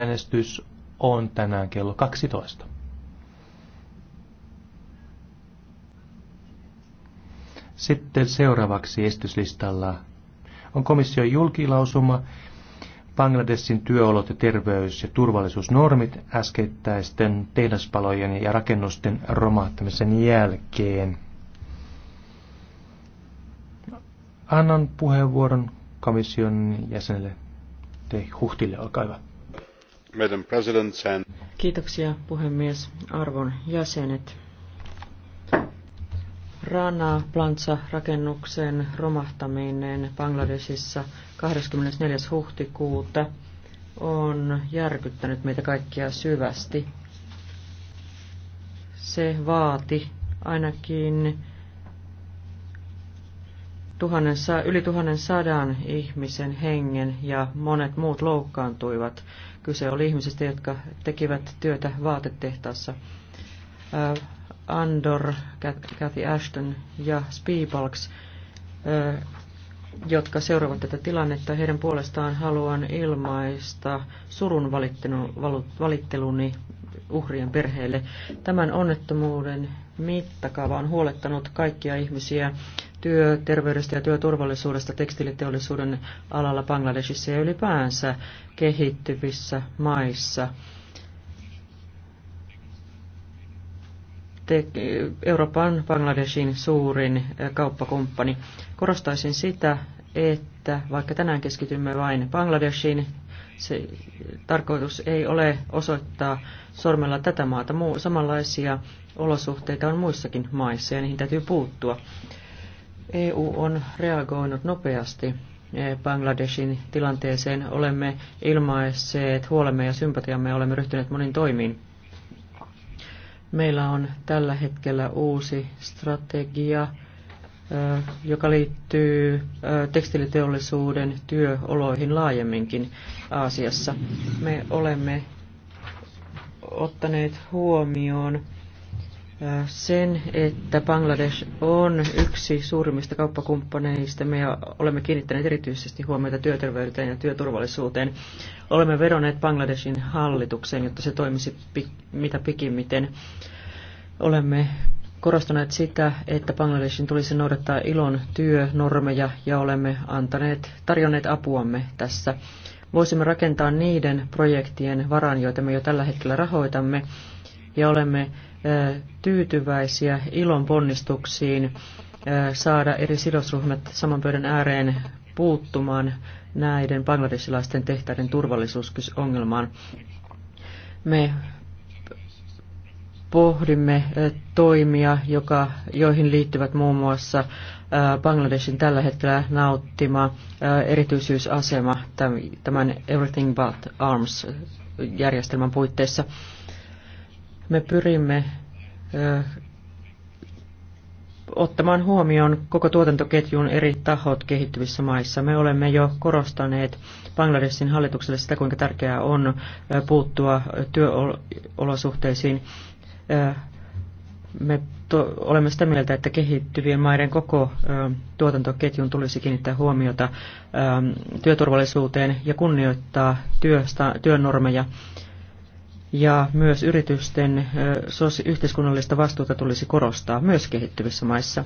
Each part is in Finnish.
Äänestys on tänään kello 12. Sitten seuraavaksi esityslistalla on komission julkilausuma Bangladesin työolot ja terveys- ja turvallisuusnormit äskettäisten tehdaspalojen ja rakennusten romahtamisen jälkeen. Annan puheenvuoron komission jäsenelle Te Huhtille, olkaa hyvä. Kiitoksia puhemies, arvon jäsenet. Rana plantsa rakennuksen romahtaminen Bangladesissa 24. huhtikuuta on järkyttänyt meitä kaikkia syvästi. Se vaati ainakin tuhannen, yli 1100 ihmisen hengen ja monet muut loukkaantuivat. Kyse oli ihmisistä, jotka tekivät työtä vaatetehtaassa. Andor, Kathy Ashton ja Spiebalks jotka seuraavat tätä tilannetta. Heidän puolestaan haluan ilmaista surun valitteluni uhrien perheelle. Tämän onnettomuuden mittakaava on huolettanut kaikkia ihmisiä työterveydestä ja työturvallisuudesta tekstiiliteollisuuden alalla Bangladesissa ja ylipäänsä kehittyvissä maissa. te- Eurooppa on Bangladeshin suurin eh, kauppakumppani. Korostaisin sitä, että vaikka tänään keskitymme vain Bangladeshiin, se tarkoitus ei ole osoittaa sormella tätä maata. Muu, samanlaisia olosuhteita on muissakin maissa ja niihin täytyy puuttua. EU on reagoinut nopeasti eh, Bangladeshin tilanteeseen. Olemme ilmaisseet huolemme ja sympatiamme ja olemme ryhtyneet monin toimiin. Meillä on tällä hetkellä uusi strategia, joka liittyy tekstiiliteollisuuden työoloihin laajemminkin Aasiassa. Me olemme ottaneet huomioon sen, että Bangladesh on yksi suurimmista kauppakumppaneista. Me olemme kiinnittäneet erityisesti huomiota työterveyteen ja työturvallisuuteen. Olemme veroneet Bangladeshin hallitukseen, jotta se toimisi mitä pikimmiten. Olemme korostaneet sitä, että Bangladeshin tulisi noudattaa ilon työnormeja ja olemme antaneet, tarjonneet apuamme tässä. Voisimme rakentaa niiden projektien varan, joita me jo tällä hetkellä rahoitamme, ja olemme tyytyväisiä ilon ponnistuksiin saada eri sidosryhmät saman pöydän ääreen puuttumaan näiden bangladesilaisten tehtäiden turvallisuusongelmaan. Me pohdimme toimia, joka, joihin liittyvät muun muassa Bangladesin tällä hetkellä nauttima erityisyysasema tämän Everything But Arms järjestelmän puitteissa me pyrimme ottamaan huomioon koko tuotantoketjun eri tahot kehittyvissä maissa. Me olemme jo korostaneet Bangladesin hallitukselle sitä, kuinka tärkeää on puuttua työolosuhteisiin. Me to, olemme sitä mieltä, että kehittyvien maiden koko ö, tuotantoketjun tulisi kiinnittää huomiota ö, työturvallisuuteen ja kunnioittaa työstä, työnormeja. Ö, ja myös yritysten yhteiskunnallista vastuuta tulisi korostaa myös kehittyvissä maissa.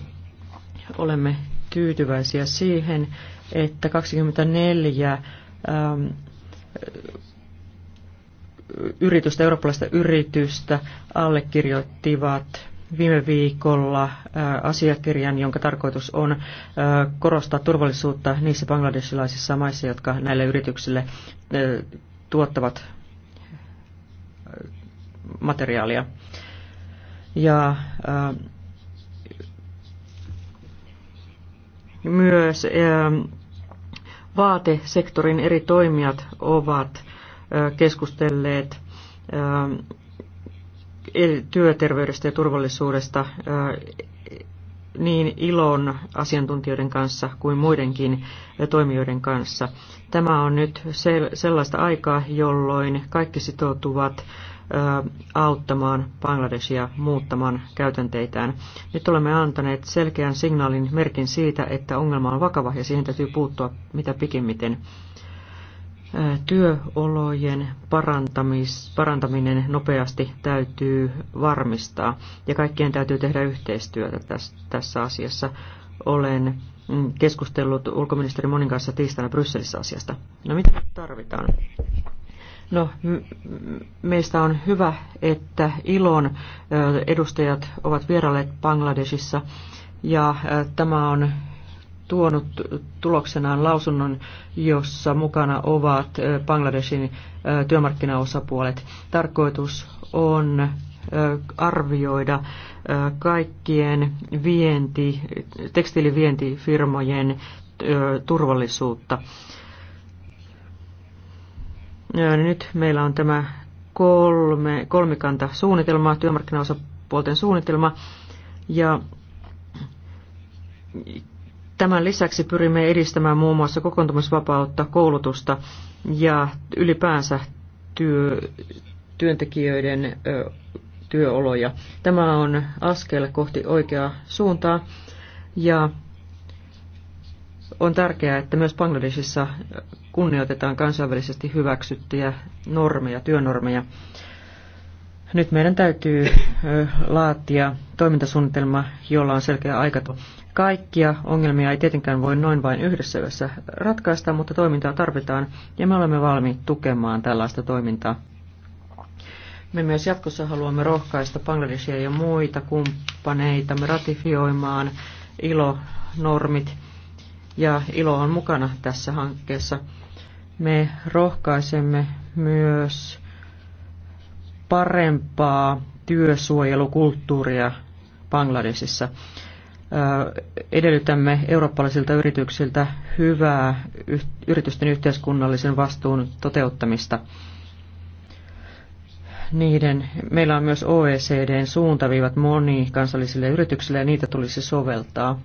Olemme tyytyväisiä siihen, että 24 ähm, yritystä, eurooppalaista yritystä allekirjoittivat viime viikolla asiakirjan, jonka tarkoitus on korostaa turvallisuutta niissä bangladesilaisissa maissa, jotka näille yrityksille tuottavat materiaalia. Ja ää, äh, myös ää, äh, vaatesektorin eri toimijat ovat ää, äh, keskustelleet ää, työterveydestä ja turvallisuudesta ää, niin ilon asiantuntijoiden kanssa kuin muidenkin toimijoiden kanssa. Tämä on nyt sellaista aikaa, jolloin kaikki sitoutuvat auttamaan Bangladesia muuttamaan käytänteitään. Nyt olemme antaneet selkeän signaalin merkin siitä, että ongelma on vakava ja siihen täytyy puuttua mitä pikimmiten. Työolojen parantamis, parantaminen nopeasti täytyy varmistaa ja kaikkien täytyy tehdä yhteistyötä tässä, tässä asiassa. Olen mm, keskustellut ulkoministeri Monin kanssa tiistaina Brysselissä asiasta. No mitä tarvitaan? No, meistä on hyvä, että ILON edustajat ovat vierailleet Bangladesissa ja tämä on tuonut tuloksenaan lausunnon, jossa mukana ovat Bangladesin työmarkkinaosapuolet. Tarkoitus on arvioida kaikkien vienti, tekstiilivientifirmojen turvallisuutta niin nyt meillä on tämä kolme, kolmikanta suunnitelma, työmarkkinaosapuolten suunnitelma, ja tämän lisäksi pyrimme edistämään muun muassa kokoontumisvapautta, koulutusta ja ylipäänsä työ, työntekijöiden ö, työoloja. Tämä on askel kohti oikeaa suuntaa ja on tärkeää, että myös Bangladesissa kunnioitetaan kansainvälisesti hyväksyttyjä normeja, työnormeja. Nyt meidän täytyy laatia toimintasuunnitelma, jolla on selkeä aikato. Kaikkia ongelmia ei tietenkään voi noin vain yhdessä yössä ratkaista, mutta toimintaa tarvitaan ja me olemme valmiit tukemaan tällaista toimintaa. Me myös jatkossa haluamme rohkaista Bangladesia ja muita kumppaneita me ratifioimaan ILO-normit ja ILO on mukana tässä hankkeessa me rohkaisemme myös parempaa työsuojelukulttuuria Bangladesissa. Edellytämme eurooppalaisilta yrityksiltä hyvää yritysten yhteiskunnallisen vastuun toteuttamista. Niiden, meillä on myös OECDn suuntaviivat monikansallisille yrityksille ja niitä tulisi soveltaa.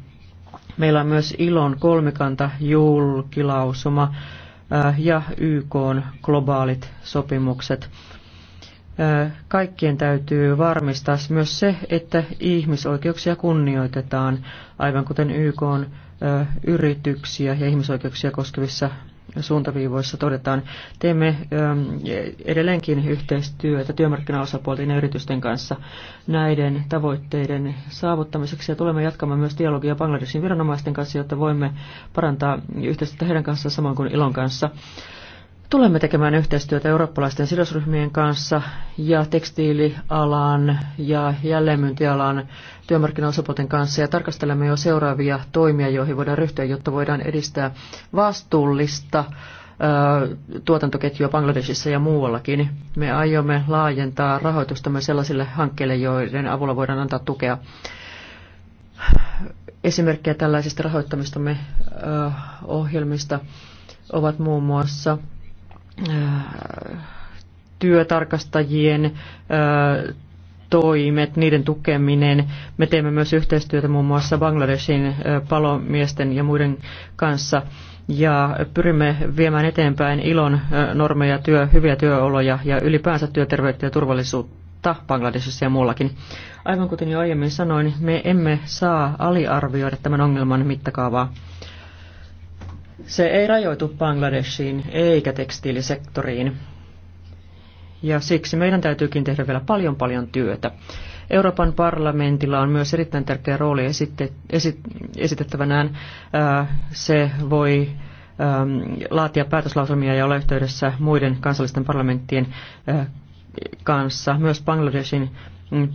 Meillä on myös ILON kolmikanta julkilausuma Äh, ja YK globaalit sopimukset. Äh, kaikkien täytyy varmistaa myös se, että ihmisoikeuksia kunnioitetaan, aivan kuten YK yrityksiä ja ihmisoikeuksia koskevissa suuntaviivoissa todetaan. Teemme edelleenkin yhteistyötä työmarkkinaosapuolten ja yritysten kanssa näiden tavoitteiden saavuttamiseksi ja tulemme jatkamaan myös dialogia Bangladesin viranomaisten kanssa, jotta voimme parantaa yhteistyötä heidän kanssaan samoin kuin ilon kanssa. Tulemme tekemään yhteistyötä eurooppalaisten sidosryhmien kanssa ja tekstiilialan ja jälleenmyyntialan työmarkkinaosapuolten kanssa ja tarkastelemme jo seuraavia toimia, joihin voidaan ryhtyä, jotta voidaan edistää vastuullista tuotantoketjua Bangladesissa ja muuallakin. Me aiomme laajentaa rahoitusta myös sellaisille hankkeille, joiden avulla voidaan antaa tukea. Esimerkkejä tällaisista rahoittamistamme ohjelmista ovat muun muassa työtarkastajien toimet, niiden tukeminen. Me teemme myös yhteistyötä muun muassa Bangladeshin palomiesten ja muiden kanssa ja pyrimme viemään eteenpäin ilon normeja, työ, hyviä työoloja ja ylipäänsä työterveyttä ja turvallisuutta Bangladesissa ja muullakin. Aivan kuten jo aiemmin sanoin, me emme saa aliarvioida tämän ongelman mittakaavaa. Se ei rajoitu Bangladeshiin eikä tekstiilisektoriin. Ja siksi meidän täytyykin tehdä vielä paljon paljon työtä. Euroopan parlamentilla on myös erittäin tärkeä rooli esitte, esit, esitettävänään. se voi laatia päätöslauselmia ja olla yhteydessä muiden kansallisten parlamenttien kanssa, myös Bangladeshin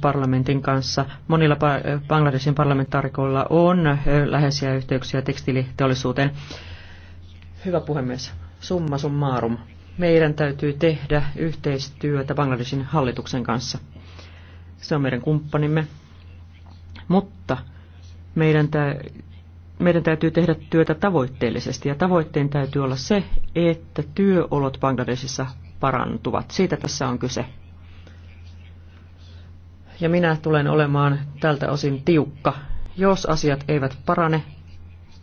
parlamentin kanssa. Monilla Bangladeshin parlamentaarikoilla on läheisiä yhteyksiä tekstiiliteollisuuteen. Hyvä puhemies, summa summarum. Meidän täytyy tehdä yhteistyötä Bangladesin hallituksen kanssa. Se on meidän kumppanimme. Mutta meidän, tä, meidän täytyy tehdä työtä tavoitteellisesti ja tavoitteen täytyy olla se, että työolot Bangladesissa parantuvat. Siitä tässä on kyse. Ja minä tulen olemaan tältä osin tiukka. Jos asiat eivät parane,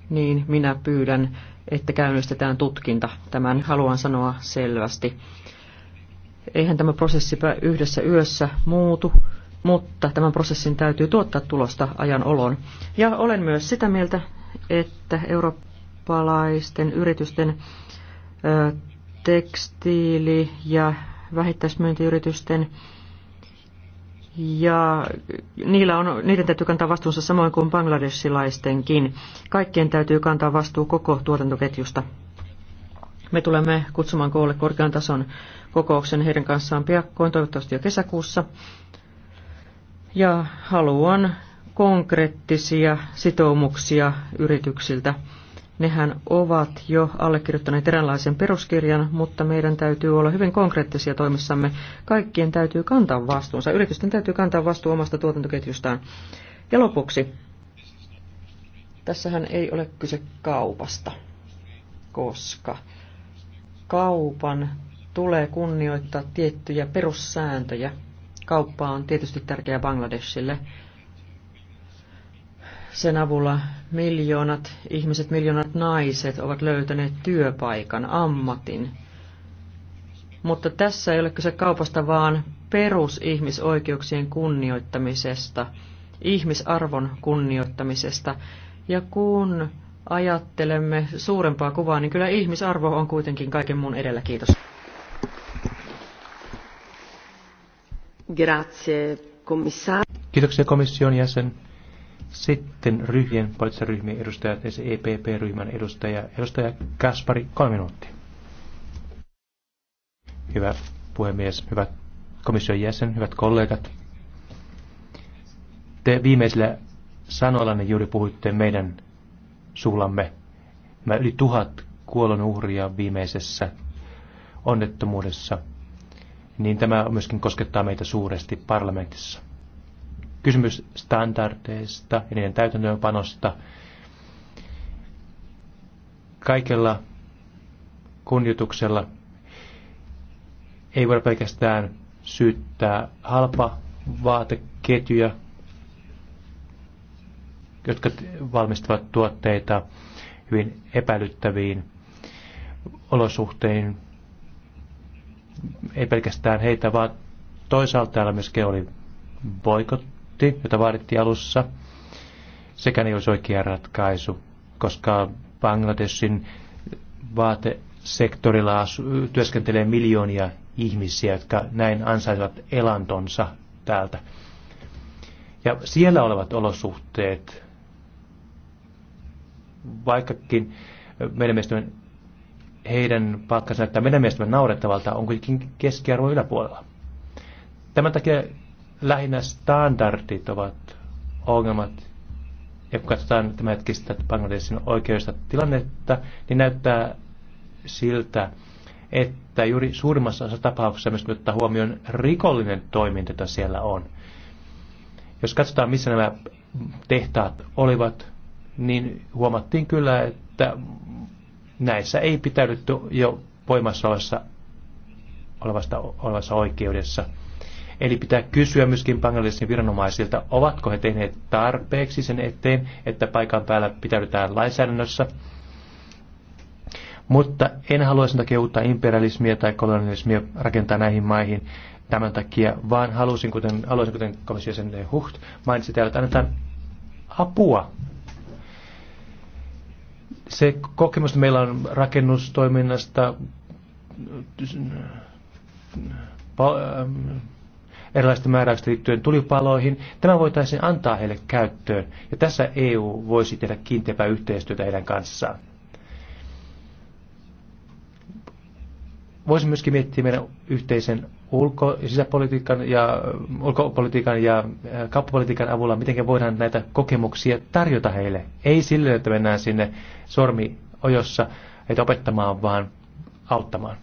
niin minä pyydän, että käynnistetään tutkinta. Tämän haluan sanoa selvästi. Eihän tämä prosessi yhdessä yössä muutu, mutta tämän prosessin täytyy tuottaa tulosta ajan olon. Ja olen myös sitä mieltä, että eurooppalaisten yritysten tekstiili- ja vähittäismyyntiyritysten ja niillä on, niiden täytyy kantaa vastuunsa samoin kuin bangladesilaistenkin. Kaikkien täytyy kantaa vastuu koko tuotantoketjusta. Me tulemme kutsumaan koolle korkean tason kokouksen heidän kanssaan piakkoin, toivottavasti jo kesäkuussa. Ja haluan konkreettisia sitoumuksia yrityksiltä. Nehän ovat jo allekirjoittaneet eräänlaisen peruskirjan, mutta meidän täytyy olla hyvin konkreettisia toimissamme. Kaikkien täytyy kantaa vastuunsa. Yritysten täytyy kantaa vastuu omasta tuotantoketjustaan. Ja lopuksi, tässähän ei ole kyse kaupasta, koska kaupan tulee kunnioittaa tiettyjä perussääntöjä. Kauppa on tietysti tärkeä Bangladeshille, sen avulla miljoonat ihmiset, miljoonat naiset ovat löytäneet työpaikan, ammatin. Mutta tässä ei ole kyse kaupasta, vaan perusihmisoikeuksien kunnioittamisesta, ihmisarvon kunnioittamisesta. Ja kun ajattelemme suurempaa kuvaa, niin kyllä ihmisarvo on kuitenkin kaiken muun edellä. Kiitos. Grazie, komissaari. Kiitoksia komission jäsen. Sitten ryhmien, poliittisen ryhmien edustajat, EPP-ryhmän e edustaja, edustaja Kaspari, kolme minuuttia. Hyvä puhemies, hyvät komission jäsen, hyvät kollegat. Te viimeisillä sanoillanne juuri puhuitte meidän suullamme. Mä yli tuhat kuolonuhria viimeisessä onnettomuudessa, niin tämä myöskin koskettaa meitä suuresti parlamentissa kysymys standardeista ja niiden täytäntöönpanosta. Kaikella kunnioituksella ei voida pelkästään syyttää halpa vaateketjuja, jotka valmistavat tuotteita hyvin epäilyttäviin olosuhteisiin. Ei pelkästään heitä, vaan toisaalta täällä myöskin oli boikot, kortti, jota vaadittiin alussa, sekään ei olisi oikea ratkaisu, koska Bangladesin vaatesektorilla työskentelee miljoonia ihmisiä, jotka näin ansaitsevat elantonsa täältä. Ja siellä olevat olosuhteet, vaikkakin meidän mielestämme heidän palkkansa näyttää meidän mielestämme naurettavalta, on kuitenkin keskiarvo yläpuolella. Tämän takia lähinnä standardit ovat ongelmat. Ja kun katsotaan hetkistä Bangladesin oikeudesta tilannetta, niin näyttää siltä, että juuri suurimmassa osassa tapauksessa myös ottaa huomioon rikollinen toiminta, jota siellä on. Jos katsotaan, missä nämä tehtaat olivat, niin huomattiin kyllä, että näissä ei pitäydytty jo voimassa olevassa, olevassa, olevassa oikeudessa – Eli pitää kysyä myöskin Bangladesin viranomaisilta, ovatko he tehneet tarpeeksi sen eteen, että paikan päällä pitäydytään lainsäädännössä. Mutta en halua sen takia uutta imperialismia tai kolonialismia rakentaa näihin maihin tämän takia, vaan halusin, kuten, haluaisin, kuten komissio sen Huht mainitsi täällä, että annetaan apua se kokemus, että meillä on rakennustoiminnasta, erilaisten määräysten liittyen tulipaloihin. Tämä voitaisiin antaa heille käyttöön, ja tässä EU voisi tehdä kiinteämpää yhteistyötä heidän kanssaan. Voisi myöskin miettiä meidän yhteisen ulko- ja sisäpolitiikan ja ulkopolitiikan ja kauppapolitiikan avulla, miten voidaan näitä kokemuksia tarjota heille. Ei sille, että mennään sinne sormi ojossa heitä opettamaan, vaan auttamaan.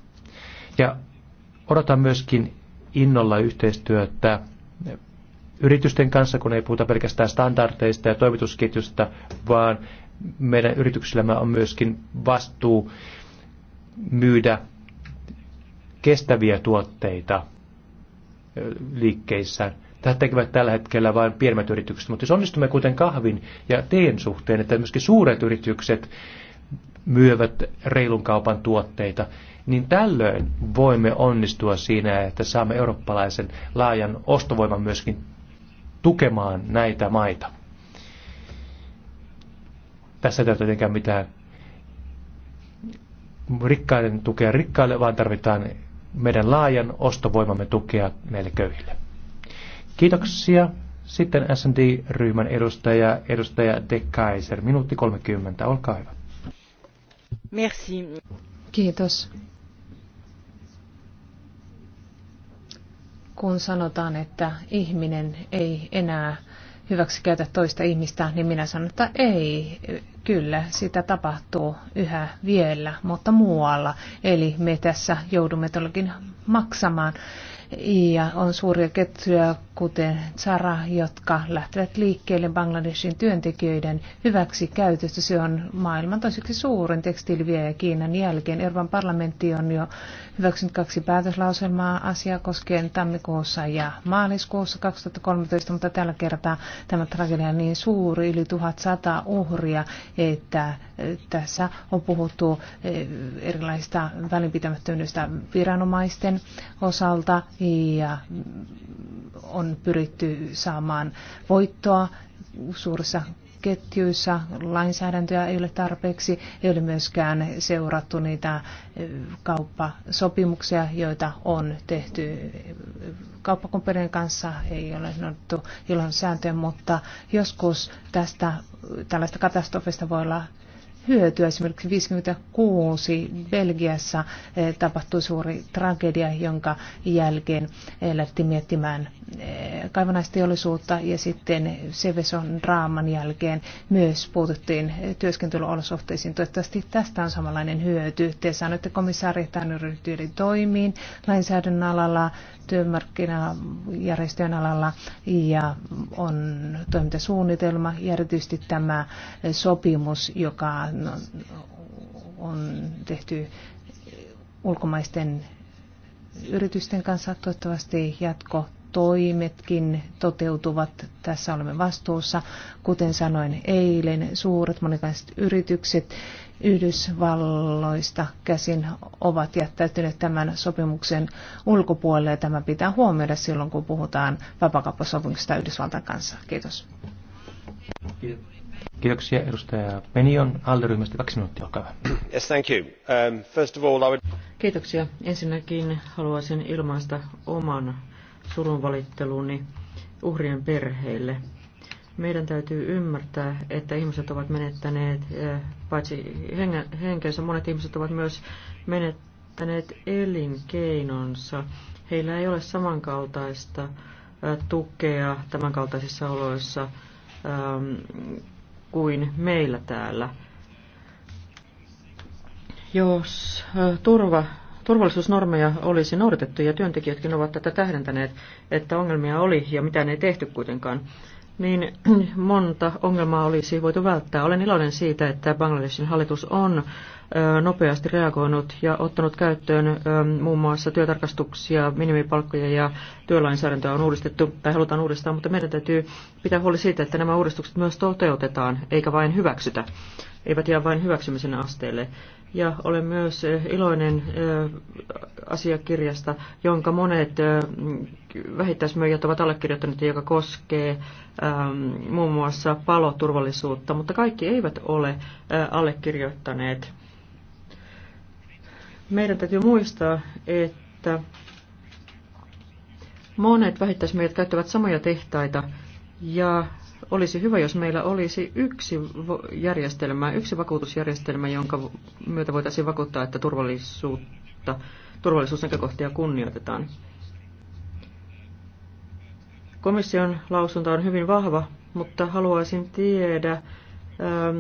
Ja odotan myöskin innolla yhteistyötä yritysten kanssa, kun ei puhuta pelkästään standardeista ja toimitusketjusta, vaan meidän yrityksillämme on myöskin vastuu myydä kestäviä tuotteita liikkeissä. Tätä tekevät tällä hetkellä vain pienemmät yritykset, mutta jos onnistumme kuten kahvin ja teen suhteen, että myöskin suuret yritykset myyvät reilun kaupan tuotteita, niin tällöin voimme onnistua siinä, että saamme eurooppalaisen laajan ostovoiman myöskin tukemaan näitä maita. Tässä ei ole tietenkään mitään rikkaiden tukea rikkaille, vaan tarvitaan meidän laajan ostovoimamme tukea näille köyhille. Kiitoksia. Sitten S&D-ryhmän edustaja, edustaja De Kaiser, minuutti 30, olkaa hyvä. Merci. Kiitos. kun sanotaan, että ihminen ei enää hyväksikäytä toista ihmistä, niin minä sanon, että ei. Kyllä, sitä tapahtuu yhä vielä, mutta muualla. Eli me tässä joudumme todellakin maksamaan. Ja on suuria ketjuja, kuten Zara, jotka lähtevät liikkeelle Bangladeshin työntekijöiden hyväksi käytöstä. Se on maailman toiseksi suurin tekstiiliviejä Kiinan jälkeen. Euroopan parlamentti on jo hyväksynyt kaksi päätöslauselmaa asiaa koskien tammikuussa ja maaliskuussa 2013, mutta tällä kertaa tämä tragedia on niin suuri, yli 1100 uhria että eh, tässä on puhuttu eh, erilaisista välinpitämättömyydestä viranomaisten osalta ja mm, on pyritty saamaan voittoa suurissa ketjuissa lainsäädäntöä ei ole tarpeeksi, ei ole myöskään seurattu niitä kauppasopimuksia, joita on tehty kauppakumppanien kanssa, ei ole noudattu ilon sääntöjä, mutta joskus tästä tällaista katastrofista voi olla hyötyä. Esimerkiksi 56 Belgiassa tapahtui suuri tragedia, jonka jälkeen lähti miettimään Eh, kaivannaisteollisuutta ja sitten Seveson draaman jälkeen myös puututtiin työskentelyolosuhteisiin. Toivottavasti tästä on samanlainen hyöty. Te sanoitte komissaari yritysten toimiin lainsäädännön alalla, työmarkkinajärjestöjen alalla ja on toimintasuunnitelma ja erityisesti tämä sopimus, joka on tehty ulkomaisten yritysten kanssa. Toivottavasti jatko toimetkin toteutuvat. Tässä olemme vastuussa. Kuten sanoin eilen, suuret monikaiset yritykset Yhdysvalloista käsin ovat jättäytyneet tämän sopimuksen ulkopuolelle ja tämä pitää huomioida silloin, kun puhutaan vapakauppasopimuksesta Yhdysvaltain kanssa. Kiitos. Kiitoksia edustaja Penion alderyhmästä. Kaksi minuuttia, olkaa hyvä. Yes, thank you. Um, first of all, I would... Kiitoksia. Ensinnäkin haluaisin ilmaista oman surunvalitteluni uhrien perheille. Meidän täytyy ymmärtää, että ihmiset ovat menettäneet eh, paitsi henkensä, monet ihmiset ovat myös menettäneet elinkeinonsa. Heillä ei ole samankaltaista eh, tukea tämänkaltaisissa oloissa ehm, kuin meillä täällä. Jos eh, turva turvallisuusnormeja olisi noudatettu ja työntekijätkin ovat tätä tähdentäneet, että ongelmia oli ja mitä ne ei tehty kuitenkaan niin monta ongelmaa olisi voitu välttää. Olen iloinen siitä, että Bangladeshin hallitus on nopeasti reagoinut ja ottanut käyttöön muun muassa työtarkastuksia, minimipalkkoja ja työlainsäädäntöä on uudistettu tai halutaan uudistaa, mutta meidän täytyy pitää huoli siitä, että nämä uudistukset myös toteutetaan eikä vain hyväksytä, eivät jää vain hyväksymisen asteelle ja olen myös iloinen asiakirjasta, jonka monet vähittäismyyjät ovat allekirjoittaneet, joka koskee muun muassa paloturvallisuutta, mutta kaikki eivät ole allekirjoittaneet. Meidän täytyy muistaa, että monet vähittäismyyjät käyttävät samoja tehtaita ja olisi hyvä, jos meillä olisi yksi järjestelmä, yksi vakuutusjärjestelmä, jonka myötä voitaisiin vakuuttaa, että turvallisuutta, turvallisuusnäkökohtia kunnioitetaan. Komission lausunto on hyvin vahva, mutta haluaisin tiedä, ähm,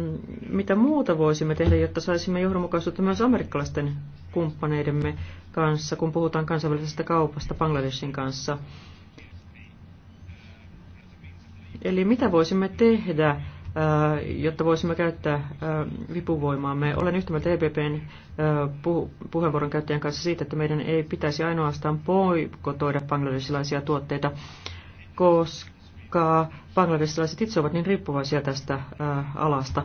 mitä muuta voisimme tehdä, jotta saisimme johdonmukaisuutta myös amerikkalaisten kumppaneidemme kanssa, kun puhutaan kansainvälisestä kaupasta Bangladeshin kanssa. Eli mitä voisimme tehdä, äh, jotta voisimme käyttää äh, vipuvoimaamme? Olen yhtä mieltä EPPn äh, puheenvuoron käyttäjän kanssa siitä, että meidän ei pitäisi ainoastaan poikotoida bangladesilaisia tuotteita, koska bangladesilaiset itse ovat niin riippuvaisia tästä alasta.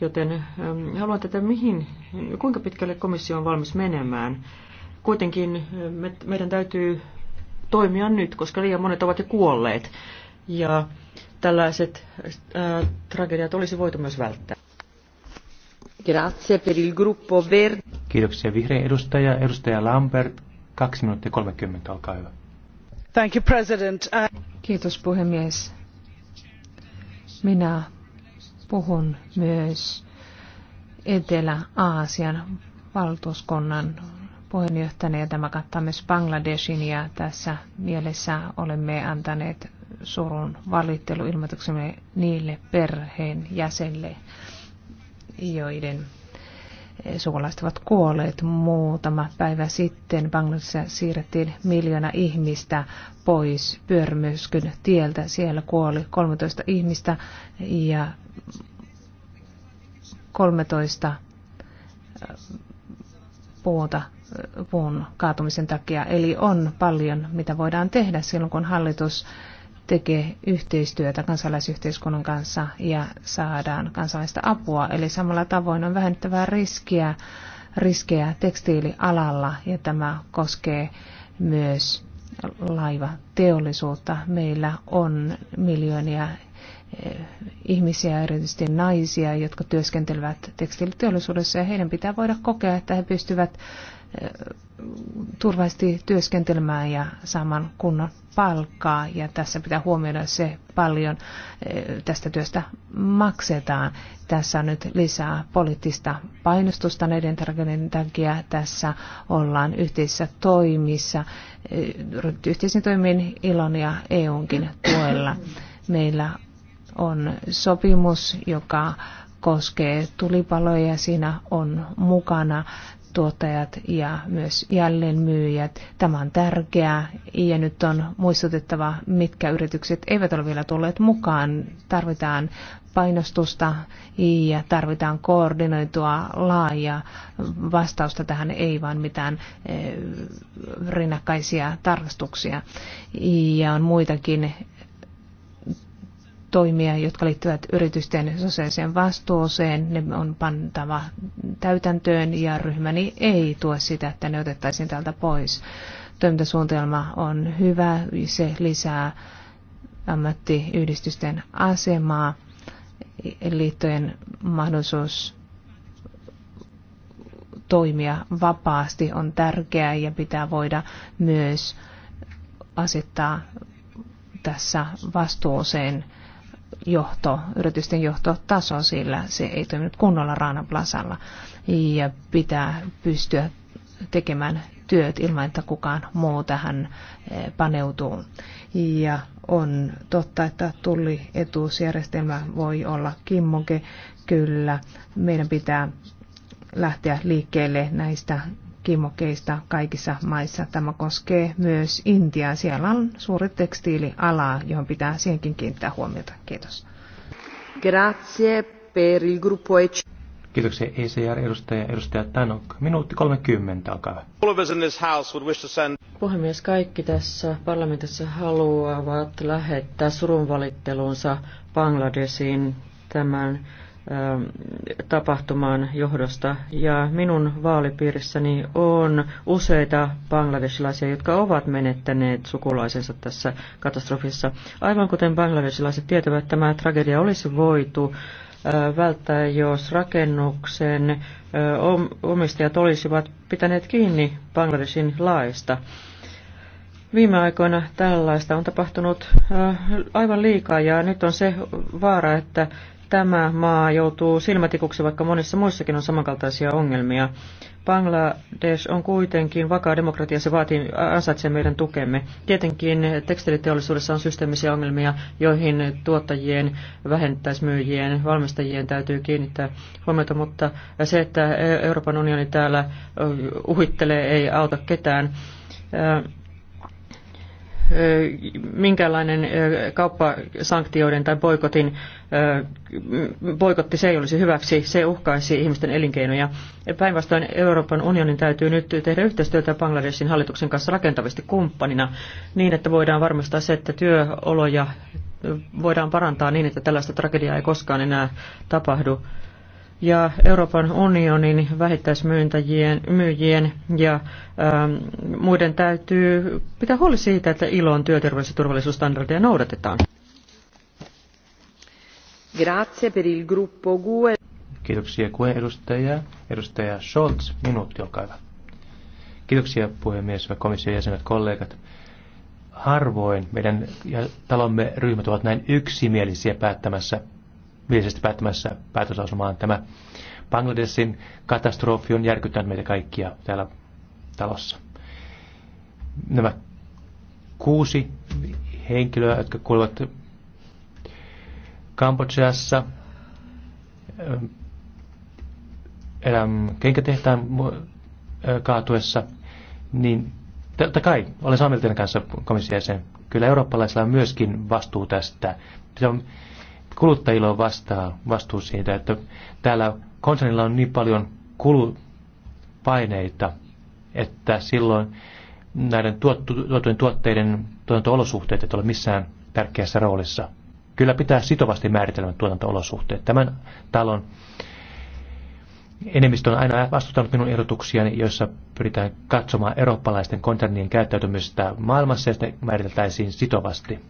Joten ähm, haluan tätä, mihin, kuinka pitkälle komissio on valmis menemään. Kuitenkin me, meidän täytyy toimia nyt, koska liian monet ovat jo kuolleet. Ja tällaiset äh, tragediat olisi voitu myös välttää. Grazie per il gruppo Verde. Kiitoksia vihreä edustaja. Edustaja Lambert, 2 minuuttia 30, olkaa hyvä. Thank you, President. Kiitos puhemies. Minä puhun myös Etelä-Aasian valtuuskunnan puheenjohtajana ja tämä kattaa myös Bangladeshin ja tässä mielessä olemme antaneet surun valitteluilmoituksemme niille perheen jäsenille, joiden eh, sukulaiset ovat kuolleet muutama päivä sitten. Bangladesissa siirrettiin miljoona ihmistä pois pyörmyskyn tieltä. Siellä kuoli 13 ihmistä ja 13 eh, puuta eh, puun kaatumisen takia. Eli on paljon, mitä voidaan tehdä silloin, kun hallitus tekee yhteistyötä kansalaisyhteiskunnan kanssa ja saadaan kansalaista apua. Eli samalla tavoin on vähennettävää riskiä, riskejä tekstiilialalla ja tämä koskee myös laivateollisuutta. Meillä on miljoonia eh, ihmisiä, erityisesti naisia, jotka työskentelevät tekstiiliteollisuudessa ja heidän pitää voida kokea, että he pystyvät turvallisesti työskentelemään ja saamaan kunnon palkkaa. Ja tässä pitää huomioida se paljon eh, tästä työstä maksetaan. Tässä on nyt lisää poliittista painostusta näiden tarkoiden takia. Tässä ollaan yhteisissä toimissa, eh, yhteisiin toimiin ilon ja EUnkin tuella. Meillä on sopimus, joka koskee tulipaloja. Siinä on mukana tuottajat ja myös jälleenmyyjät. Tämä on tärkeää ja nyt on muistutettava, mitkä yritykset eivät ole vielä tulleet mukaan. Tarvitaan painostusta ja tarvitaan koordinoitua laajaa vastausta tähän, ei vaan mitään eh, rinnakkaisia tarkastuksia. Ja on muitakin toimia, jotka liittyvät yritysten sosiaaliseen vastuuseen. Ne on pantava täytäntöön ja ryhmäni ei tue sitä, että ne otettaisiin täältä pois. Toimintasuunnitelma on hyvä, se lisää ammattiyhdistysten asemaa, liittojen mahdollisuus toimia vapaasti on tärkeää ja pitää voida myös asettaa tässä vastuuseen johto, yritysten johtotaso, sillä se ei toiminut kunnolla Raana Plasalla. Ja pitää pystyä tekemään työt ilman, että kukaan muu tähän eh, paneutuu. Ja on totta, että tullietuusjärjestelmä voi olla kimmoke. Kyllä, meidän pitää lähteä liikkeelle näistä Kimokeista kaikissa maissa. Tämä koskee myös Intiaa. Siellä on suuri tekstiiliala, johon pitää siihenkin kiinnittää huomiota. Kiitos. Grazie per il gruppo EC. Kiitoksia ECR-edustaja, edustaja Tanok. Minuutti 30, alkaa. Puhemies, kaikki tässä parlamentissa haluavat lähettää surunvalittelunsa Bangladesiin tämän Ähm, tapahtuman johdosta. Ja minun vaalipiirissäni on useita bangladesilaisia, jotka ovat menettäneet sukulaisensa tässä katastrofissa. Aivan kuten bangladesilaiset tietävät, tämä tragedia olisi voitu äh, välttää, jos rakennuksen äh, omistajat olisivat pitäneet kiinni Bangladesin laista. Viime aikoina tällaista on tapahtunut äh, aivan liikaa ja nyt on se vaara, että tämä maa joutuu silmätikuksi, vaikka monissa muissakin on samankaltaisia ongelmia. Bangladesh on kuitenkin vakaa demokratia, se vaatii, ansaitsee meidän tukemme. Tietenkin tekstiliteollisuudessa on systeemisiä ongelmia, joihin tuottajien, vähentäismyyjien, valmistajien täytyy kiinnittää huomiota, mutta se, että Euroopan unioni täällä uhittelee, ei auta ketään minkäänlainen kauppasanktioiden tai boikotin, boikotti se ei olisi hyväksi, se uhkaisi ihmisten elinkeinoja. Päinvastoin Euroopan unionin täytyy nyt tehdä yhteistyötä Bangladesin hallituksen kanssa rakentavasti kumppanina niin, että voidaan varmistaa se, että työoloja voidaan parantaa niin, että tällaista tragediaa ei koskaan enää tapahdu ja Euroopan unionin vähittäismyyjien myyjien ja ähm, muiden täytyy pitää huoli siitä, että ilon työterveys- ja turvallisuusstandardeja noudatetaan. Grazie per il gruppo GUE. Kiitoksia kue edustaja. Edustaja Scholz, minuutti, olkaa hyvä. Kiitoksia puhemies ja komission jäsenet, kollegat. Harvoin meidän talomme ryhmät ovat näin yksimielisiä päättämässä viisesti päättämässä päätöslausumaan. Tämä Bangladesin katastrofi on järkyttänyt meitä kaikkia täällä talossa. Nämä kuusi henkilöä, jotka kuuluvat Kambodžassa erään kenkätehtaan kaatuessa, niin totta kai olen saamiltinen kanssa komission jäsen. Kyllä eurooppalaisilla on myöskin vastuu tästä. Se on kuluttajilla on vastaa, vastuu siitä, että täällä konsernilla on niin paljon kulupaineita, että silloin näiden tuottujen tuotteiden tuotanto-olosuhteet eivät ole missään tärkeässä roolissa. Kyllä pitää sitovasti määritellä tuotanto-olosuhteet. Tämän talon enemmistö on aina vastustanut minun ehdotuksiani, joissa pyritään katsomaan eurooppalaisten konsernien käyttäytymistä maailmassa ja sitä määriteltäisiin sitovasti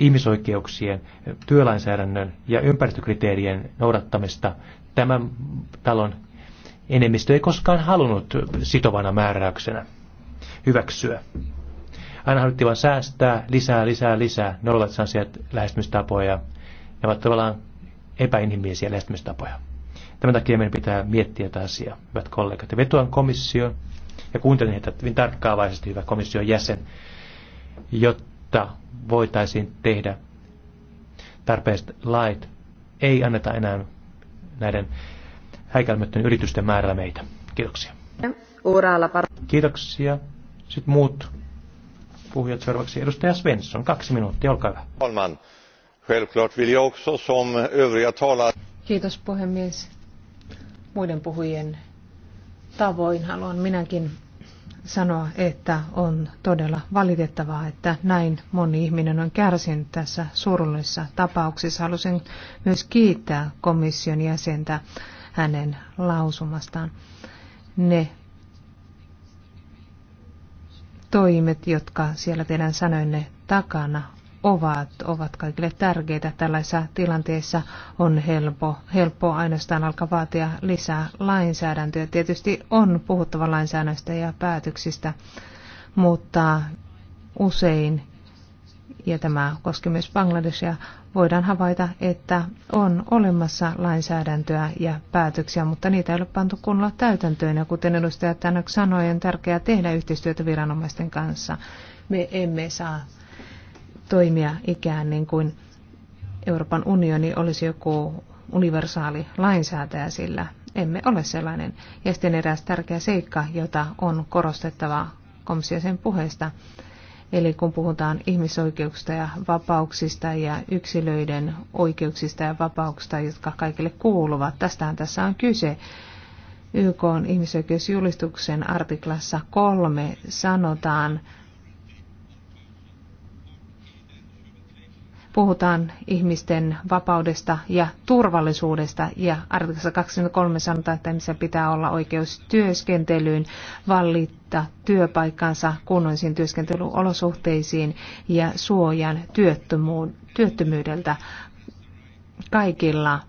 ihmisoikeuksien, työlainsäädännön ja ympäristökriteerien noudattamista tämän talon enemmistö ei koskaan halunnut sitovana määräyksenä hyväksyä. Aina haluttiin vain säästää lisää, lisää, lisää. Ne olivat sellaisia lähestymistapoja. Ne ovat tavallaan epäinhimillisiä lähestymistapoja. Tämän takia meidän pitää miettiä tätä asiaa, hyvät kollegat. Ja vetoan komissioon ja kuuntelen heitä hyvin tarkkaavaisesti, hyvä komission jäsen, jotta jotta voitaisiin tehdä tarpeelliset lait. Ei anneta enää näiden häikäilemättömien yritysten määrällä meitä. Kiitoksia. Kiitoksia. Sitten muut puhujat seuraavaksi. Edustaja Svensson, kaksi minuuttia, olkaa hyvä. Talman. Självklart vill jag också som övriga talare... Kiitos puhemies. Muiden puhujien tavoin haluan minäkin sanoa, että on todella valitettavaa, että näin moni ihminen on kärsinyt tässä surullisessa tapauksessa. Haluaisin myös kiittää komission jäsentä hänen lausumastaan. Ne toimet, jotka siellä teidän sanoinne takana ovat, ovat kaikille tärkeitä. Tällaisessa tilanteessa on helppo, helppo ainoastaan alkaa vaatia lisää lainsäädäntöä. Tietysti on puhuttava lainsäädännöstä ja päätöksistä, mutta usein, ja tämä koskee myös Bangladesia, voidaan havaita, että on olemassa lainsäädäntöä ja päätöksiä, mutta niitä ei ole pantu kunnolla täytäntöön. Ja kuten edustaja Tänök sanoi, on tärkeää tehdä yhteistyötä viranomaisten kanssa. Me emme saa toimia ikään niin kuin Euroopan unioni olisi joku universaali lainsäätäjä, sillä emme ole sellainen. Ja sitten eräs tärkeä seikka, jota on korostettava komissiosen puheesta, Eli kun puhutaan ihmisoikeuksista ja vapauksista ja yksilöiden oikeuksista ja vapauksista, jotka kaikille kuuluvat, tästähän tässä on kyse. YK on ihmisoikeusjulistuksen artiklassa kolme sanotaan puhutaan ihmisten vapaudesta ja turvallisuudesta ja artiklassa 23 sanotaan, että missä pitää olla oikeus työskentelyyn, vallita työpaikkansa kunnollisiin työskentelyolosuhteisiin ja suojan työttömyydeltä kaikilla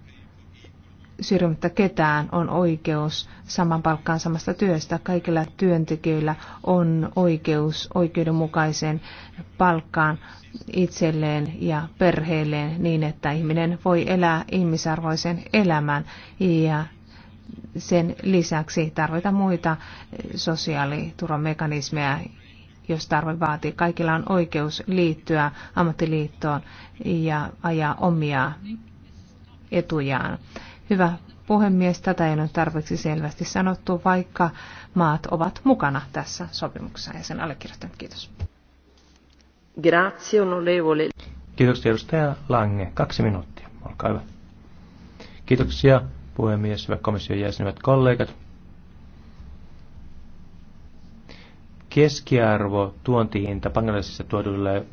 syrjimättä ketään on oikeus saman palkkaan samasta työstä. Kaikilla työntekijöillä on oikeus oikeudenmukaiseen palkkaan itselleen ja perheelleen niin, että ihminen voi elää ihmisarvoisen elämän ja sen lisäksi tarvitaan muita sosiaaliturvamekanismeja, jos tarve vaatii. Kaikilla on oikeus liittyä ammattiliittoon ja ajaa omia etujaan. Hyvä puhemies, tätä ei ole tarpeeksi selvästi sanottu, vaikka maat ovat mukana tässä sopimuksessa ja sen allekirjoittanut. Kiitos. Grazie, onorevole. Kiitoksia edustaja Lange. Kaksi minuuttia. Olkaa hyvä. Kiitoksia puhemies, hyvät komission jäsen, hyvät kollegat. Keskiarvo tuontihinta Bangladesissa tuoduille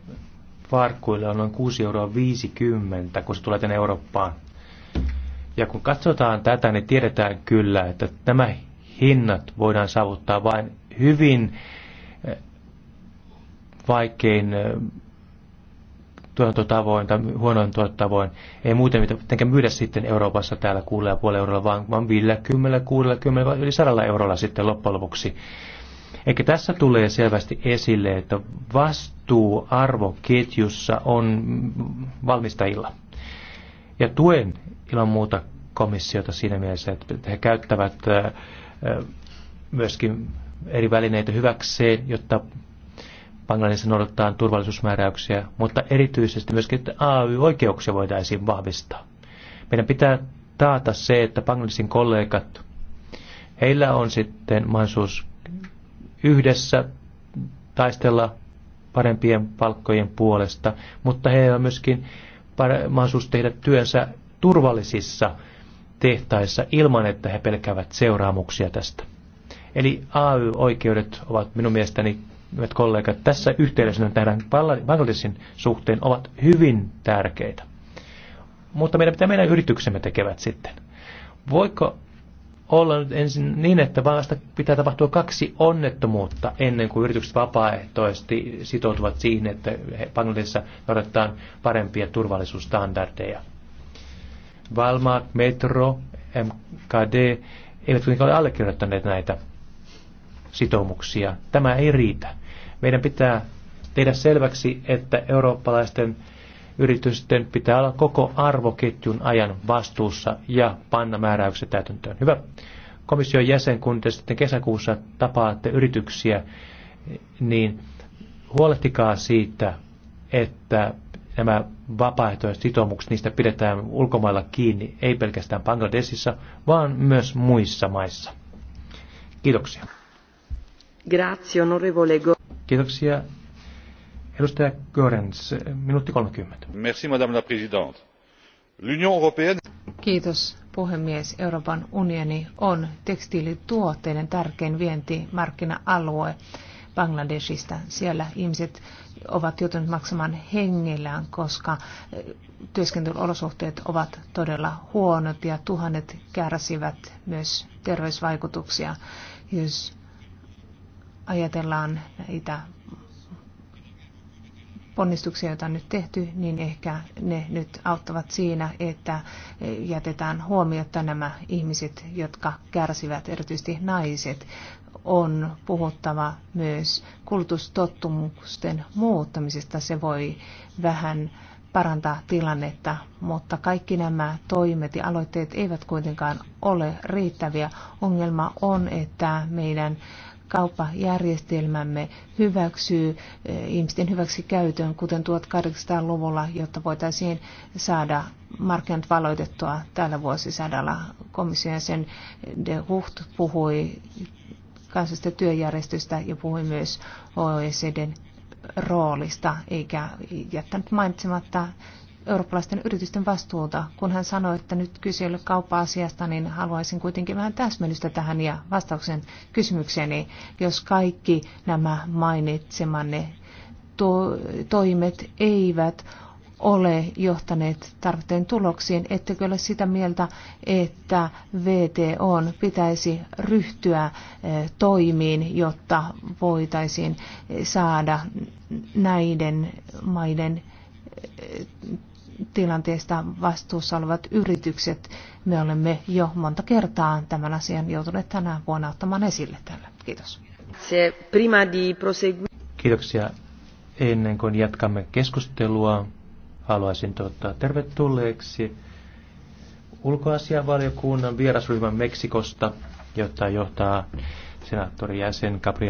farkkuille on noin 6,50 euroa, kun se tulee tänne Eurooppaan. Ja kun katsotaan tätä, niin tiedetään kyllä, että nämä hinnat voidaan saavuttaa vain hyvin eh, vaikein eh, tuotantotavoin tai huonoin tuotantotavoin. Ei muuten mitenkään myydä sitten Euroopassa täällä 6,5 eurolla, vaan, vaan 50, 60, yli 100 eurolla sitten loppujen lopuksi. Eikä tässä tulee selvästi esille, että vastuu arvoketjussa on valmistajilla. Ja tuen ilman muuta komissiota siinä mielessä, että he käyttävät myöskin eri välineitä hyväkseen, jotta Bangladesissa noudattaa turvallisuusmääräyksiä, mutta erityisesti myöskin että AY-oikeuksia voitaisiin vahvistaa. Meidän pitää taata se, että Bangladesin kollegat, heillä on sitten mahdollisuus yhdessä taistella parempien palkkojen puolesta, mutta heillä on myöskin mahdollisuus tehdä työnsä turvallisissa tehtaissa ilman, että he pelkäävät seuraamuksia tästä. Eli AY-oikeudet ovat minun mielestäni, hyvät kollegat, tässä yhteydessä tähän Bangladesin suhteen ovat hyvin tärkeitä. Mutta meidän pitää meidän yrityksemme tekevät sitten. Voiko olla nyt ensin niin, että vasta pitää tapahtua kaksi onnettomuutta ennen kuin yritykset vapaaehtoisesti sitoutuvat siihen, että Bangladesissa noudatetaan parempia turvallisuusstandardeja. Valma, Metro, MKD eivät kuitenkaan ole allekirjoittaneet näitä sitoumuksia. Tämä ei riitä. Meidän pitää tehdä selväksi, että eurooppalaisten yritysten pitää olla koko arvoketjun ajan vastuussa ja panna määräykset täytäntöön. Hyvä komission jäsen, kun te sitten kesäkuussa tapaatte yrityksiä, niin huolehtikaa siitä, että nämä vapaaehtoiset sitoumukset, niistä pidetään ulkomailla kiinni, ei pelkästään Bangladesissa, vaan myös muissa maissa. Kiitoksia. Grazie, onorevole Kiitoksia. Edustaja Görens, minuutti 30. Merci, madame la présidente. L'Union européenne... Kiitos, puhemies. Euroopan unioni on tekstiilituotteiden tärkein vientimarkkina-alue Bangladesista. Siellä ihmiset ovat joutuneet maksamaan hengillään, koska eh, työskentelyolosuhteet ovat todella huonot ja tuhannet kärsivät myös terveysvaikutuksia. Jos ajatellaan näitä ponnistuksia, joita on nyt tehty, niin ehkä ne nyt auttavat siinä, että eh, jätetään huomiota nämä ihmiset, jotka kärsivät, erityisesti naiset on puhuttava myös kulutustottumusten muuttamisesta. Se voi vähän parantaa tilannetta, mutta kaikki nämä toimet ja aloitteet eivät kuitenkaan ole riittäviä. Ongelma on, että meidän kauppajärjestelmämme hyväksyy eh, ihmisten hyväksi käytön, kuten 1800-luvulla, jotta voitaisiin saada markkinat valoitettua tällä vuosisadalla. Komission sen de Hucht puhui kansallisesta työjärjestystä ja puhui myös OECDn roolista, eikä jättänyt mainitsematta eurooppalaisten yritysten vastuuta. Kun hän sanoi, että nyt kyse ei ole kauppa-asiasta, niin haluaisin kuitenkin vähän täsmennystä tähän ja vastauksen kysymykseeni. Jos kaikki nämä mainitsemanne to- toimet eivät ole johtaneet tarpeen tuloksiin. Ettekö ole sitä mieltä, että VTO pitäisi ryhtyä eh, toimiin, jotta voitaisiin eh, saada näiden maiden eh, tilanteesta vastuussa olevat yritykset. Me olemme jo monta kertaa tämän asian joutuneet tänä vuonna ottamaan esille tällä. Kiitos. Kiitoksia. Ennen kuin jatkamme keskustelua, haluaisin toivottaa tervetulleeksi ulkoasianvaliokunnan vierasryhmän Meksikosta, jota johtaa senaattorijäsen Gabriel